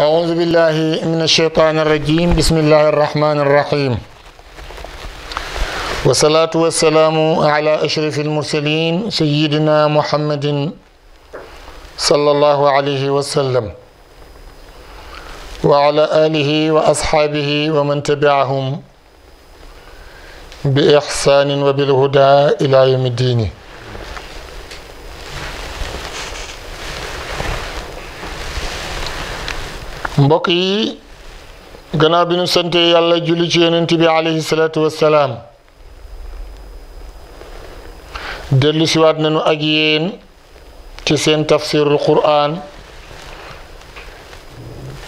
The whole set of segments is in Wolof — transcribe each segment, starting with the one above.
أعوذ بالله من الشيطان الرجيم بسم الله الرحمن الرحيم والصلاة والسلام على أشرف المرسلين سيدنا محمد صلى الله عليه وسلم وعلى آله وأصحابه ومن تبعهم بإحسان وبالهدى إلى يوم الدين مبقي غنا بن سنتي يالله جولي شي ننتبي عليه الصلاه والسلام دلي سي وات اجيين تي تفسير القران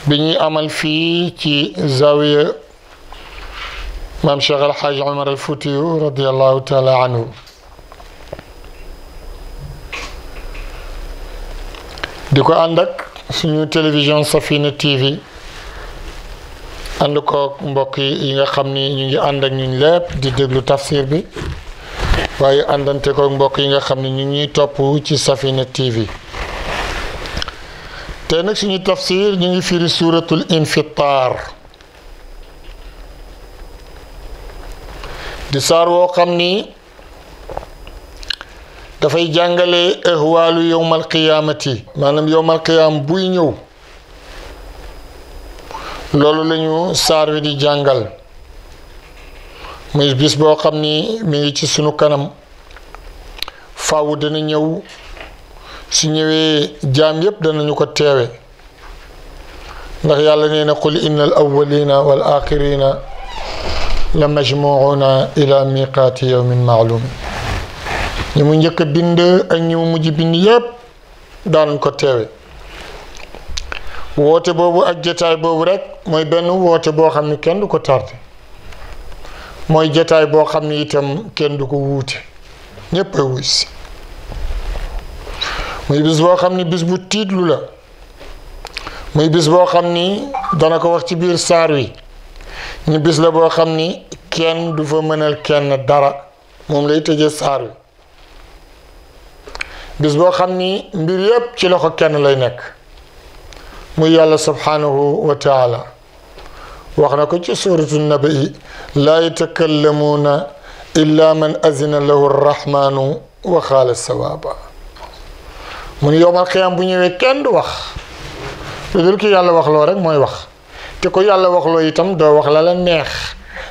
بني امل في تي زاويه مام شغل حاج عمر الفوتي رضي الله تعالى عنه ديكو عندك suñu télévision Safina TV and ko mbokk yi nga xam ni ñu ngi ànd ak ñun lépp di déglu tafsir bi waaye àndante ko mbokk yi nga xam ni ñu ngi topp ci Safina TV tey nag suñu tafsir ñu ngi firi suuratul infitar di saar woo xam ni dafay jàngale ihwaalu yowmal qiyaamati maanaam yowmal qiyaam buy ñëw loolu lañu saar wi di jàngal muy bis boo xam ni mi ngi ci sunu kanam faaw dana ñëw su ñëwee jaam yépp danañu ko teewe ndax yàlla nee na qul inna al awwalina wal axirina la majmuuna ila miqaati yowmin maalum ñi mu njëkk a bind ak ñi mu mujj bind yépp daan ko teewe woote boobu ak jataay boobu rek mooy benn woote boo xam ne kenn du ko tardé mooy jataay boo xam ne itam kenn du ko wuute ñépp a wuy muy bis boo xam ni bis bu tiitlu la muy bis boo xam ni dana ko wax ci biir saar wi ñu bis la boo xam ni kenn du fa mënal kenn dara moom lay tëjee saar wi bis boo xam mbir yeb ci loxo kenn lay nek mu yàlla subhanahu wa taala waxna ko ci suratu nabi la yatakallamuna illa man azina lahu arrahmanu wa khala sawaba mun ni yowmal xiyaam bu ñewé kenn du wax lu dul ki yàlla wax lo rek moy wax te ko yàlla wax lo itam do wax la la neex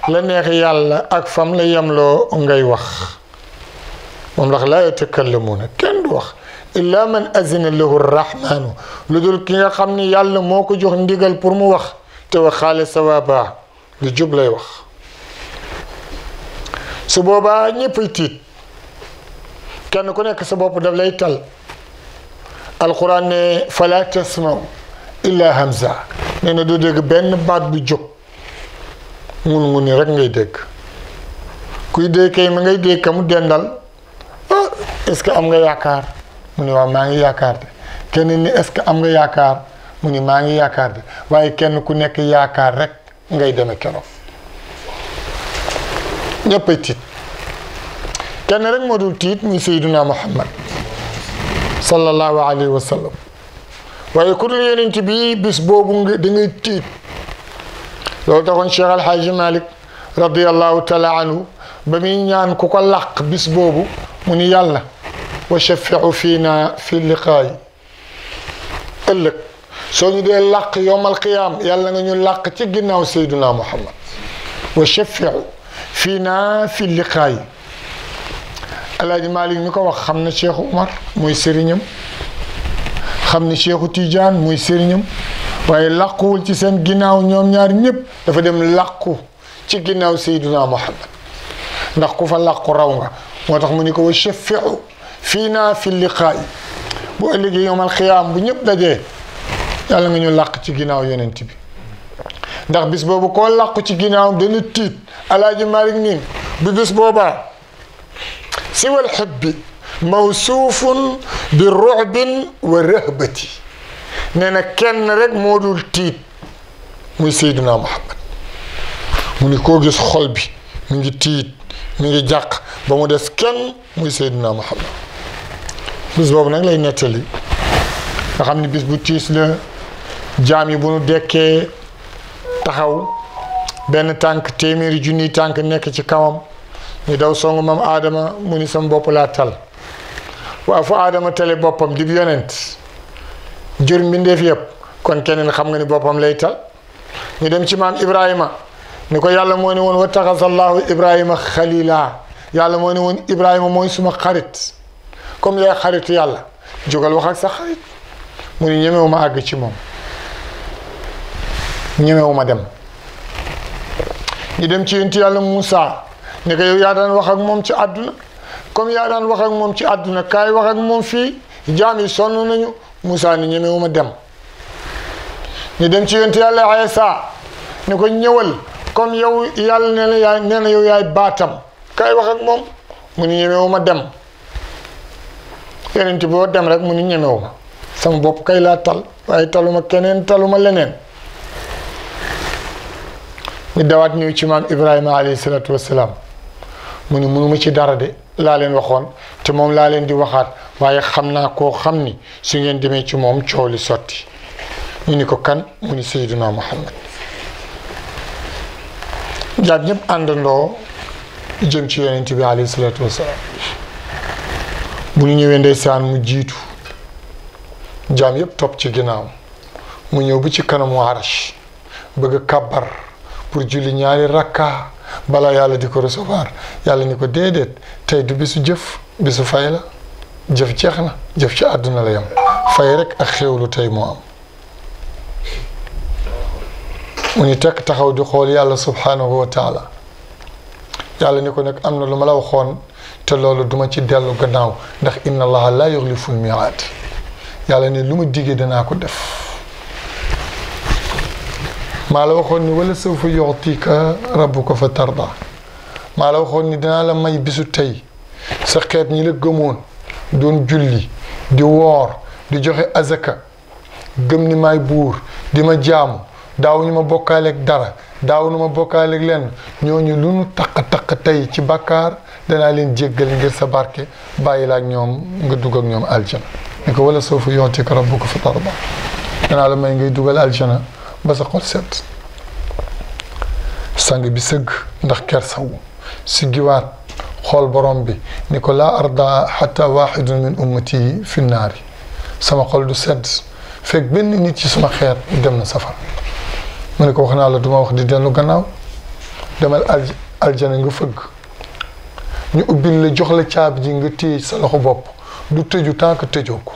la neex yàlla ak fam la yemloo ngay wax مم لا يتكلمون كن دوخ الا من اذن له الرحمن لودول كي خامني يالا موكو جوخ نديغال بور مو وخ تو خالص وابا لي جوب لاي وخ سو بوبا نيپي تيت كان كو نيك سا بوب داف لاي تال القران فلا تسمعوا الا همزه نينا دو ديغ بن بات بي جوب مون موني رك ngay deg kuy deg kay ma ngay deg kam dendal est-ce que am nga yaakaar mu ni waaw maa ngi yaakaar de keneen ni est-ce am nga yaakaar mu ni maa ngi yaakaar de waaye kenn ku nekk yaakaar rek ngay deme keroog ñëppay tiit kenn rek moo dul tiit muy sayduna muhammad sallallahu alayhi wa waaye ku dul yonent bi bis boobu nga ngay tiit loolu taxoon Cheikh Alhaaji Malik radiallahu taala anhu ba muy ñaan ku ko làq bis boobu mu ni yàlla wa shafiu fiina fi liqaay soo ñu dee làq yowmal qiyaam yàlla nga ñu làq ci ginnaaw sayduna muhammad wa shafiu fiina fi liqaay alaaji Maalik mi ko wax xam na cheikhu Umar mooy sëriñam xam na cheikhu Tidiane mooy sëriñam waaye làquwul ci seen ginnaaw ñoom ñaar ñëpp dafa dem làqu ci ginnaaw sayduna muhammad ndax ku fa làqu raw nga moo tax mu ni ko wa shafiu fii naa fi liqaay bu ëllëgee yowmal xiyaam bu ñëpp dajee yàlla nga ñu làq ci ginnaaw yonent bi ndax bis boobu koo làqu ci ginnaawam dana tiit alaaji malik niin bu bis boobaa siwal xibbi mawsuufun bi rucbin wa rëhbati nee na kenn rek moo dul tiit muy seyduna muhammad mu ni koo mi ngi jàq ba mu des kenn muy Seydina Muhammad bis boobu lay nettali nga xam ni bis bu tiis la jaam yi bu nu dekkee taxaw benn tànk téeméeri junniy tànk nekk ci kawam ñu daw songu mam aadama mu ni sam bopp laa tal waaw fu aadama tale boppam dib yonent jur mbindeef yëpp kon keneen xam nga ni boppam lay tal ñu dem ci maam Ibrahima ni ko yàlla moo ne woon wa taxasallahu ibrahima xalila yàlla moo ne woon ibrahima mooy suma xarit comme yaay xaritu yàlla jógal wax ak sa xarit mu ni ñemewu ma àgg ci moom ñemewu ma dem ñu dem ci yonent yàlla Moussa ne ko yow yaa wax moom ci àdduna comme yaa daan wax ak moom ci àdduna kaay wax ak moom fii jaam yi sonn ñu Moussa ni ñemewu ma dem ñu dem ci yonent yàlla Aïssa ne ko ñëwal kon yow yàlla nee na yaay nee na yow yaay baatam kay wax moom mu ni ñemewu ma dem yonent boo dem rek mu ni ñemewu ma sama bopp kay laa tal waaye taluma keneen taluma leneen ñu dawaat ñëw ci maam ibrahima alayhi salaatu wassalaam mu ni mënuma ci dara de laa leen waxoon te moom laa leen di waxaat waaye xam naa koo xam ni su ngeen demee ci moom coow li sotti mu ni ko kan mu ni sayyiduna muhammad jaar ñëpp àndandoo jëm ci yonent bi alayhi salaatu bu ñu ñëwee ndeysaan mu jiitu jaam yëpp topp ci ginnaaw mu ñëw bi ci kanamu arash bëgg kàbbar pour julli ñaari rakka bala yàlla di ko recevoir yàlla ni ko déedéet tey du bisu jëf bisu fay la jëf jeex na jëf ci àdduna la yam fay rek ak xéewlu tey moo am وني تك تخاو دي خول يالله سبحانه وتعالى يالله نيكو نك امنا لوما لا وخون تا لولو دوما سي ديلو غناو داخ ان الله لا يخلف الميعاد يالله ني لوما ديغي دنا كو ديف ما لا وخون ني ولا سوف يعطيك ربك فترضى ما لا وخون ني دنا لا ماي بيسو تاي سا خيت ني لا گمون دون جولي دي وور دي جوخي ازكا گمني ماي بور ديما جامو daawuñu ma bokkaaleeg dara daawuñu ma bokkaaleeg lenn ñooñu lu nu taq taq tey ci bàkkaar danaa leen jéggal ngir sa barke bàyyi ak ñoom nga dugg ak ñoom aljana ne wala sofu soofu ko rabbuka fa tarba dana la may ngay dugal aljana ba sa xol set sang bi seug ndax ker saw si giwat xol borom bi niko la arda hatta wahid min ummati fi nar sama xol du set fek ben nit ci sama xeer dem na safara mu ne ko wax naa la duma wax di dellu gannaaw demal al aljana nga fëgg ñu ubbil la jox la caabi ji nga téye sa loxo bopp du tëju tànk tëjoo ko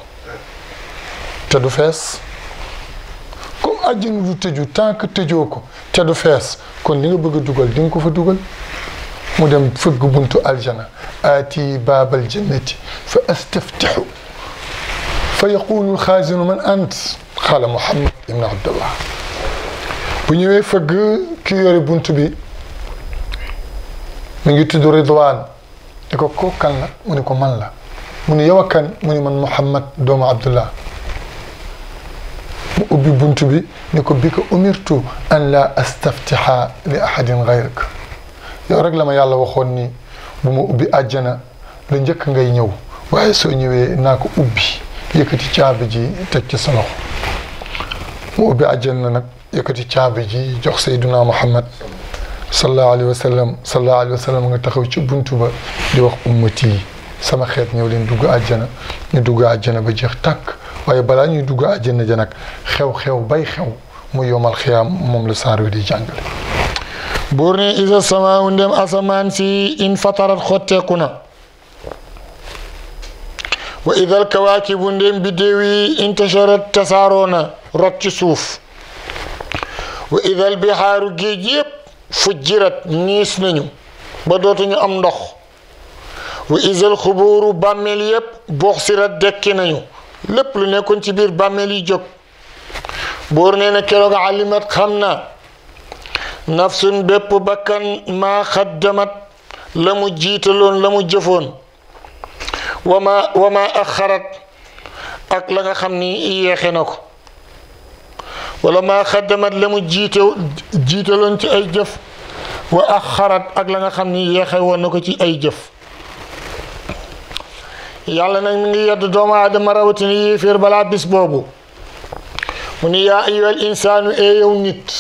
te du fees comme àjjana du tëju tànk tëjoo ko te du fees kon li nga bëgg a dugal di nga ko fa dugal mu dem fëgg buntu aljana aati baabal jannati fa astaftixu fa yaqulu alxaasinu man ant xaala muhammad ibn abdullah bu ñëwee fëgg ki yore bunt bi mu ngi tudd Ridwaan ne ko ko kan la mu ne ko man la mu ne yow a kan mu ne man Muhammad doomu Abdullah mu ubbi bunt bi ne ko bi ka umirtu an laa astaftiha li ahadin gayrik yow rek la ma yàlla waxoon ni bu ma ubbi àjjana la njëkk ngay ñëw waaye soo ñëwee naa ko ubbi yëkkati caabi ji teg ci sa loxo mu ubbi àjjana nag yëkkati caabi ji jox sayduna muhammad sallallahu alayhi wa sallam sallallahu alayhi wa sallam nga taxaw ci buntu ba di wax ummati yi sama xeet ñëw leen dugg àjjana ñu dugg àjjana ba jeex tàkk waaye balaa ñuy dugg àjjana ja nag xew-xew bay xew mu yomal xiyaam moom la saar wi di jàngale buur ne isa samaawu ndem asamaan si in fatarat xotteeku na wa idal kawaakibu ndem biddéew yi intasharat tasaaroo na rot ci suuf وإذا البحار جيجيب فجرت نيس نيو بدوت نيو أم وإذا الخبور بامل يب بوخسرت دك نيو لب لنكن تبير بامل يجب بورنين كيروغ علمت خمنا نفس بيب بكان ما خدمت لم جيتلون لم جفون وما وما أخرت أكلنا خمني إيه خنوكو ولا ما خدمت لمو جيتو جيتلون تي اي جف واخرت اك لاغا خامني يخي ونكو تي اي جف يالا نك ميغي يد دوما ادم راوتني يفير بلا بيس بوبو من يا ايها الانسان ايو نيت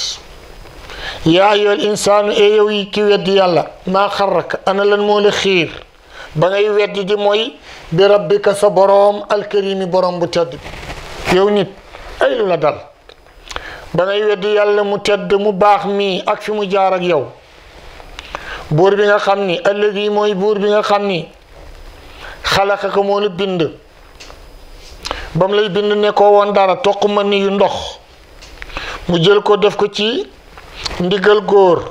يا ايها الانسان ايو كي ود يالا ما خرك انا لن مول خير باغي ود دي موي بربك صبروم الكريم بروم بتد يو نيت اي لا دال dangay weddi yàlla mu tedd mu baax mii ak fi mu jaar ak yow buur bi nga xam ni ëllëg yi mooy buur bi nga xam ni xalaqa ko moo la bind ba mu lay bind ne koo woon dara toq ma ni yu ndox mu jël ko def ko ci ndigal góor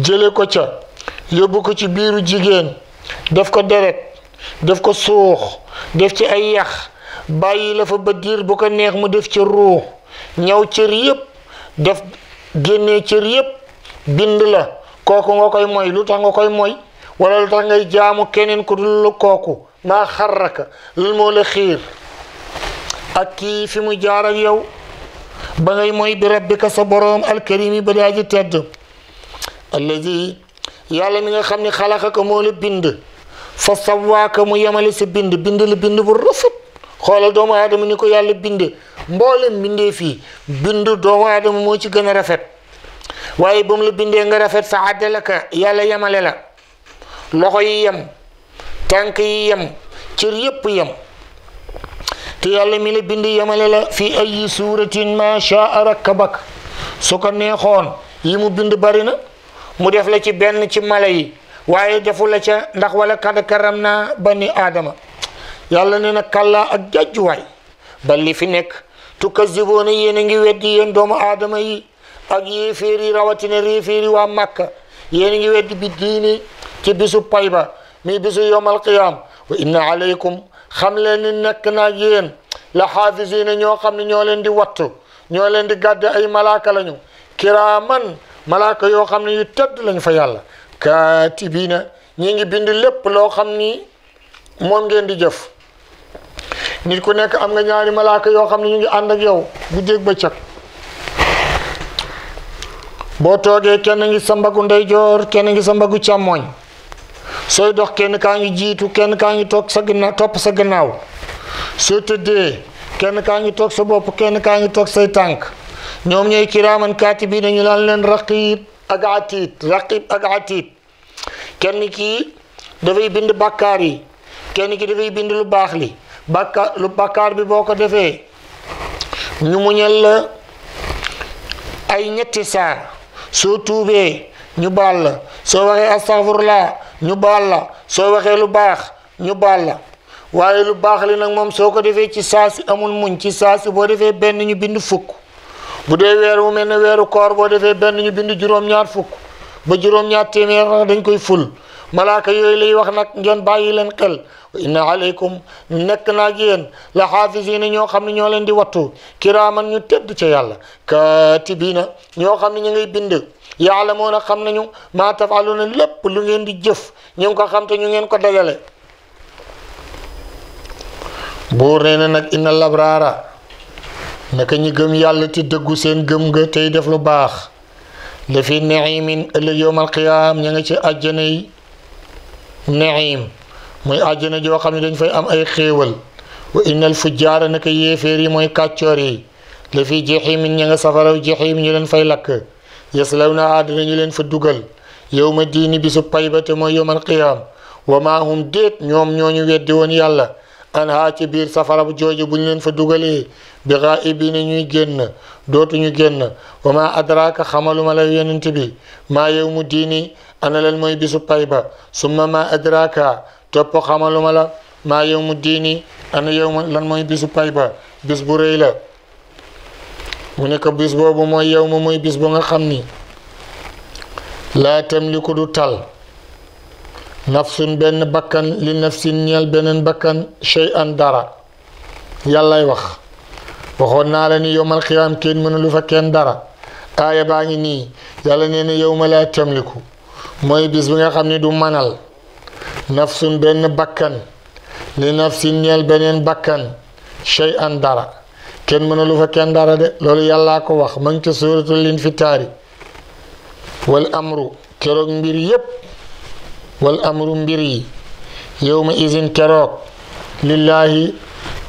jële ko ca yóbbu ko ci biiru jigéen def ko deret def ko suux def ci ay yax bàyyi la fa ba diir bu ko neex mu def ci ruux ñaw cër yépp def génné ci yépp bind la koku nga koy moy lu tax nga koy moy wala lu tax ngay jaamu keneen ko dul koku ma xarraka lu mo la xir ak ki fi mu jaar ak yow ba ngay moy bi rabbika sa al karim ba daa tedd alladhi yàlla mi nga xamni khalaqaka mo la bind fa sawwaka mu yamal si bind bind la bind bu rafet xoolal doomu aadama ni ko yàlla binde mboolem bindee fii bind doomu aadama moo ci gën a rafet waaye ba la bindee nga rafet fa àddalaka yàlla yemale la loxo yi yem tànk yi yem cër yépp yem te yàlla mi la bind yamale la fi ay suuratin ma shaa rakkabak su ko neexoon yi mu bind bari na mu def la ci benn ci mala yi waaye defu la ca ndax walla kad karam naa bani aadama yàlla ne na kàllaa ak jàjjuwaay bal li fi nekk tukazzibuuna yéen a ngi weddi yéen doomu aadama yi ak yéeféer rawatina réeféer yi waa màkka yéen a ngi weddi bi diini ci bisu pay ba bisu yowmal qiyaam wa inna aleykum xam leen ni nekk naag yéen la xaafisiina ñoo xam ne ñoo leen di wattu ñoo leen di gàdde ay malaaka lañu kiraaman malaaka yoo xam ne yu tedd lañ fa yàlla kaatibiina ñi ngi bind lépp loo xam ni moom ngeen di jëf nit ku nekk am nga ñaari malaaka yoo xam ne ñu ngi ànd ak yow guddeeg bëccëg boo toogee kenn ngi sa mbagu ndeyjoor kenn ngi sa mbagu càmmooñ sooy dox kenn kaa ngi jiitu kenn kaa ngi toog sa topp sa gannaaw soo tëddee kaa ngi toog sa bopp kenn kaa ngi toog say tànk ñoom ñooy kiraaman kaatibiin ñu naan leen raqiib ak atiit raqiib ak atiit kenn kii dafay bind bàkkaar yi kenn ki dafay bind lu baax li bàkkaar lu bàkkaar bi boo ko defee ñu muñal la ay ñetti saar soo tuubee ñu baal la soo waxee astaghfirullah ñu baal la soo waxee lu baax ñu baal la waaye lu baax li nag moom soo ko defee ci saasi amul muñ ci saasi boo defee benn ñu bind fukk bu dee weer wu mel ne weeru koor boo defee benn ñu bind juróom-ñaar fukk ba juróom-ñaar téeméer dañ koy ful malaaka yooyu lay wax nag ngeen bàyyi leen xel inna aleykum nekk naa ak la xaafisina ñoo xam ne ñoo leen di wattu kiraaman ñu tedd ca yàlla kaatibiina ñoo xam ne ñu ngay bind yaalamuuna xam nañu maa na lépp lu ngeen di jëf ñu ngi ko xam te ñu ngeen ko dajale buur nee na nag inna labraara naka ñi gëm yàlla te dëggu seen gëm nga tey def lu baax la fi naimin ëllëg yowmal qiyaam ña nga ci àjjana yi نعيم موي اجنا جو خامي دنج فاي ام اي خيوال وان الفجار نك ييفيري موي كاتيوري لي في جحيم نيغا سفارو جحيم ني لن فاي لاك يسلونا ادنا ني لن فا دوغال يوم الدين بيسو بايبات مو يوم القيام وما هم ديت نيوم نيوني ويدي ون يالا anha ci biir safara bu jooju bu ñu leen fa dugalee bi ghaa'ibina ñuy génn dootuñu génn wa ma adraka xamaluma la yonent bi maa yawmu diini ana lan mooy bisu pay ba summa ma adraka topp xamaluma la maa yawmu diini ana yawma lan mooy bisu pay ba bis bu rëy la mu ne ko bis boobu mooy yawma mooy bis bu nga xam ni laa tamliku du tal nafsun benn bakkan li nafsin ñeel beneen bakkan shay'an dara yàllay wax waxoon naa la ni yowmal qiyaam kenn mënu lu fa kenn dara aaya baa ngi nii yàlla nee na yowma laa tamliku mooy bis bi nga xam ne du manal nafsun benn bakkan li nafsin ñeel beneen bakkan shay'an dara kenn mënu lu fa kenn dara de loolu yàllaa ko wax ma ngi ca suuratul infitaari wal amru keroog mbir yépp wal amru mbir yi yow ma isin keroog lillaahi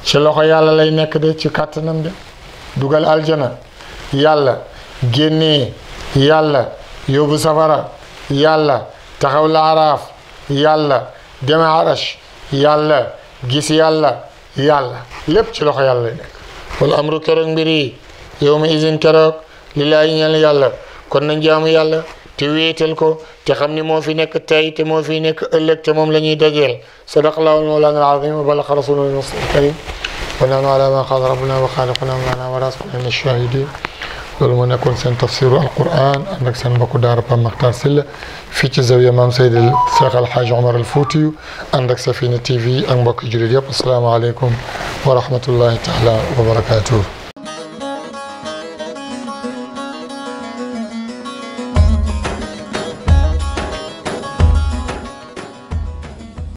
ci loxo yàlla lay nekk de ci kàttanam de dugal aljana yàlla génnee yàlla yóbbu safara yàlla taxaw la araaf yàlla deme arash yàlla gis yàlla yàlla lépp ci loxo yàlla lay nekk wal amru keroog mbir yi isin keroog lillaahi yàlla kon nañ jaamu yàlla te wéetal ko te xam ni moo fi nekk tey te moo fi nekk ëllëg te moom la ñuy dajeel sadaqallahu al-mawlana al-azim wa balaqa rasulullah al-mustafa al-karim wa nahnu ala ma qala rabbuna wa khaliquna ma'ana wa rasuluna min ash-shahidin loolu moo nekkoon seen tafsiru alquran ànd ak seen mbokku daara Pape Makhtar Sylla fii ci zawiya maam Seydi Cheikh Al Hadj Omar Al Foutiyu ànd ak Safina TV ak mbokki jullit yëpp asalaamaaleykum wa rahmatullahi taala wa barakatuh